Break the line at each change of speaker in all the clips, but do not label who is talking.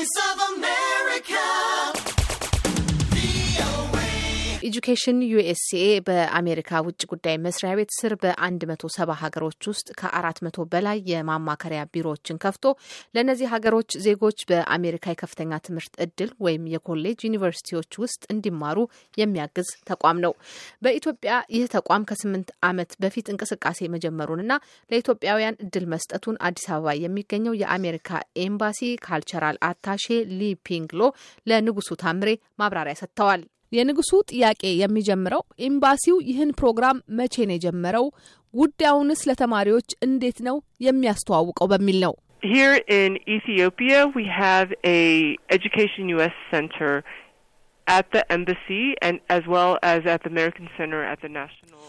Voice of America. ኤጁኬሽን ዩኤስኤ በአሜሪካ ውጭ ጉዳይ መስሪያ ቤት ስር በ170 ሀገሮች ውስጥ ከ400 በላይ የማማከሪያ ቢሮዎችን ከፍቶ ለእነዚህ ሀገሮች ዜጎች በአሜሪካ የከፍተኛ ትምህርት እድል ወይም የኮሌጅ ዩኒቨርሲቲዎች ውስጥ እንዲማሩ የሚያግዝ ተቋም ነው። በኢትዮጵያ ይህ ተቋም ከ8 ዓመት በፊት እንቅስቃሴ መጀመሩንና ለኢትዮጵያውያን እድል መስጠቱን አዲስ አበባ የሚገኘው የአሜሪካ ኤምባሲ ካልቸራል አታሼ ሊፒንግሎ ለንጉሱ ታምሬ ማብራሪያ ሰጥተዋል። የንጉሱ ጥያቄ የሚጀምረው ኤምባሲው ይህን ፕሮግራም መቼ ነው የጀመረው፣ ጉዳዩንስ ለተማሪዎች እንዴት ነው የሚያስተዋውቀው በሚል ነው።
Here in Ethiopia, we have a Education US Center at the embassy and as well as at the American Center at the National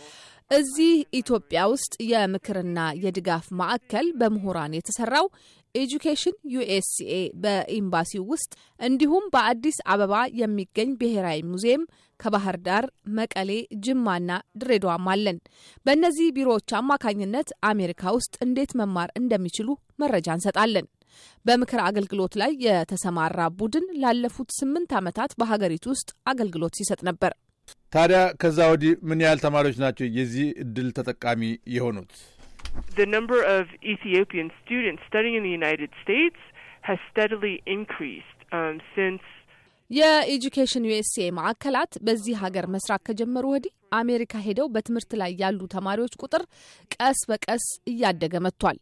እዚህ ኢትዮጵያ ውስጥ የምክርና የድጋፍ ማዕከል በምሁራን የተሰራው ኤጁኬሽን ዩኤስሲኤ በኤምባሲው ውስጥ እንዲሁም በአዲስ አበባ የሚገኝ ብሔራዊ ሙዚየም ከባህር ዳር፣ መቀሌ፣ ጅማና ድሬዳዋም አለን። በእነዚህ ቢሮዎች አማካኝነት አሜሪካ ውስጥ እንዴት መማር እንደሚችሉ መረጃ እንሰጣለን። በምክር አገልግሎት ላይ የተሰማራ ቡድን ላለፉት ስምንት ዓመታት በሀገሪቱ ውስጥ አገልግሎት ሲሰጥ ነበር።
ታዲያ ከዛ ወዲህ ምን ያህል ተማሪዎች ናቸው የዚህ እድል ተጠቃሚ የሆኑት?
the number of Ethiopian students studying in the United States has steadily increased um, since
የኤጁኬሽን ዩኤስኤ ማዕከላት በዚህ ሀገር መስራት ከጀመሩ ወዲህ አሜሪካ ሄደው በትምህርት ላይ ያሉ ተማሪዎች ቁጥር ቀስ በቀስ እያደገ መጥቷል።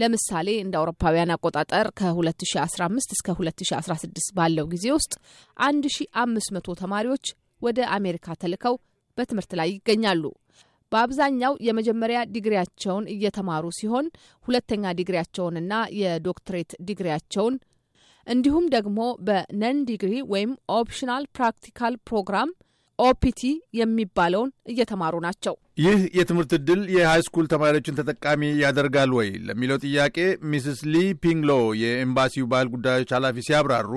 ለምሳሌ እንደ አውሮፓውያን አቆጣጠር ከ2015 እስከ 2016 ባለው ጊዜ ውስጥ 1500 ተማሪዎች ወደ አሜሪካ ተልከው በትምህርት ላይ ይገኛሉ። በአብዛኛው የመጀመሪያ ዲግሪያቸውን እየተማሩ ሲሆን ሁለተኛ ዲግሪያቸውንና የዶክትሬት ዲግሪያቸውን እንዲሁም ደግሞ በነን ዲግሪ ወይም ኦፕሽናል ፕራክቲካል ፕሮግራም ኦፒቲ የሚባለውን እየተማሩ ናቸው።
ይህ የትምህርት ዕድል የሃይስኩል ተማሪዎችን ተጠቃሚ ያደርጋል ወይ ለሚለው ጥያቄ ሚስስ ሊ ፒንግሎ የኤምባሲው ባህል ጉዳዮች ኃላፊ ሲያብራሩ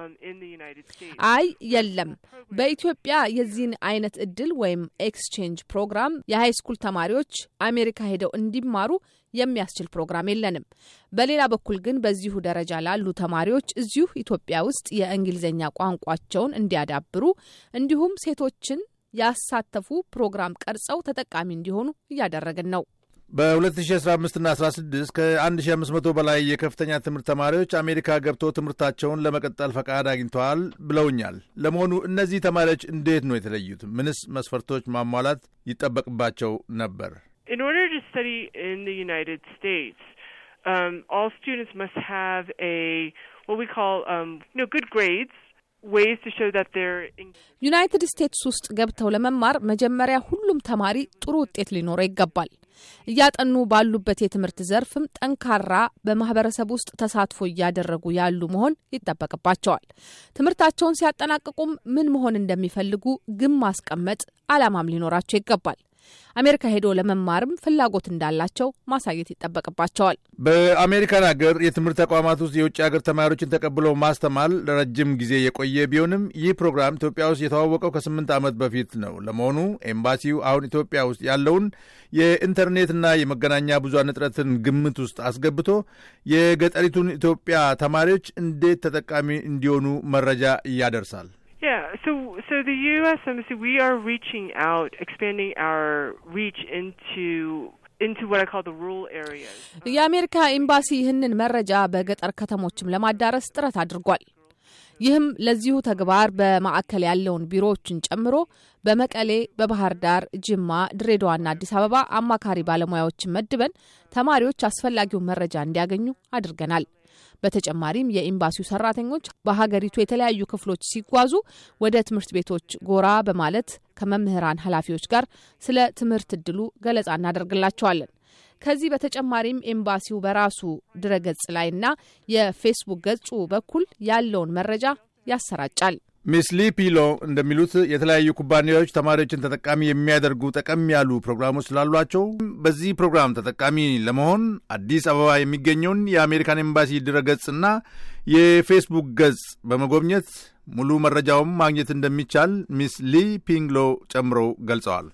Um,
አይ የለም፣ በኢትዮጵያ የዚህን አይነት እድል ወይም ኤክስቼንጅ ፕሮግራም የሀይ ስኩል ተማሪዎች አሜሪካ ሄደው እንዲማሩ የሚያስችል ፕሮግራም የለንም። በሌላ በኩል ግን በዚሁ ደረጃ ላሉ ተማሪዎች እዚሁ ኢትዮጵያ ውስጥ የእንግሊዝኛ ቋንቋቸውን እንዲያዳብሩ እንዲሁም ሴቶችን ያሳተፉ ፕሮግራም ቀርጸው ተጠቃሚ እንዲሆኑ
እያደረግን ነው። በ2015ና 16 ከ1500 በላይ የከፍተኛ ትምህርት ተማሪዎች አሜሪካ ገብቶ ትምህርታቸውን ለመቀጠል ፈቃድ አግኝተዋል ብለውኛል። ለመሆኑ እነዚህ ተማሪዎች እንዴት ነው የተለዩት? ምንስ መስፈርቶች ማሟላት ይጠበቅባቸው ነበር?
ዩናይትድ ስቴትስ um, um, ውስጥ ገብተው ለመማር መጀመሪያ ሁሉም ተማሪ ጥሩ ውጤት ሊኖረው ይገባል። እያጠኑ ባሉበት የትምህርት ዘርፍም ጠንካራ በማህበረሰብ ውስጥ ተሳትፎ እያደረጉ ያሉ መሆን ይጠበቅባቸዋል። ትምህርታቸውን ሲያጠናቅቁም ምን መሆን እንደሚፈልጉ ግን ማስቀመጥ አላማም ሊኖራቸው ይገባል። አሜሪካ ሄዶ ለመማርም ፍላጎት እንዳላቸው ማሳየት ይጠበቅባቸዋል።
በአሜሪካን ሀገር የትምህርት ተቋማት ውስጥ የውጭ ሀገር ተማሪዎችን ተቀብሎ ማስተማር ለረጅም ጊዜ የቆየ ቢሆንም ይህ ፕሮግራም ኢትዮጵያ ውስጥ የተዋወቀው ከስምንት ዓመት በፊት ነው። ለመሆኑ ኤምባሲው አሁን ኢትዮጵያ ውስጥ ያለውን የኢንተርኔትና የመገናኛ ብዙሃን እጥረትን ግምት ውስጥ አስገብቶ የገጠሪቱን ኢትዮጵያ ተማሪዎች እንዴት ተጠቃሚ እንዲሆኑ መረጃ ያደርሳል?
so, so the U.S. Embassy, we are reaching out, expanding our reach into
የአሜሪካ ኤምባሲ ይህንን መረጃ በገጠር ከተሞችም ለማዳረስ ጥረት አድርጓል። ይህም ለዚሁ ተግባር በማዕከል ያለውን ቢሮዎችን ጨምሮ በመቀሌ፣ በባህር ዳር፣ ጅማ፣ ድሬዳዋና አዲስ አበባ አማካሪ ባለሙያዎችን መድበን ተማሪዎች አስፈላጊውን መረጃ እንዲያገኙ አድርገናል። በተጨማሪም የኤምባሲው ሰራተኞች በሀገሪቱ የተለያዩ ክፍሎች ሲጓዙ ወደ ትምህርት ቤቶች ጎራ በማለት ከመምህራን ኃላፊዎች ጋር ስለ ትምህርት እድሉ ገለጻ እናደርግላቸዋለን። ከዚህ በተጨማሪም ኤምባሲው በራሱ ድረገጽ ላይና የፌስቡክ ገጹ በኩል ያለውን መረጃ ያሰራጫል።
ሚስ ሊፒሎ እንደሚሉት የተለያዩ ኩባንያዎች ተማሪዎችን ተጠቃሚ የሚያደርጉ ጠቀም ያሉ ፕሮግራሞች ስላሏቸው በዚህ ፕሮግራም ተጠቃሚ ለመሆን አዲስ አበባ የሚገኘውን የአሜሪካን ኤምባሲ ገጽና የፌስቡክ ገጽ በመጎብኘት ሙሉ መረጃውን ማግኘት እንደሚቻል ሚስ ሊ ፒንግሎ ጨምረው ገልጸዋል።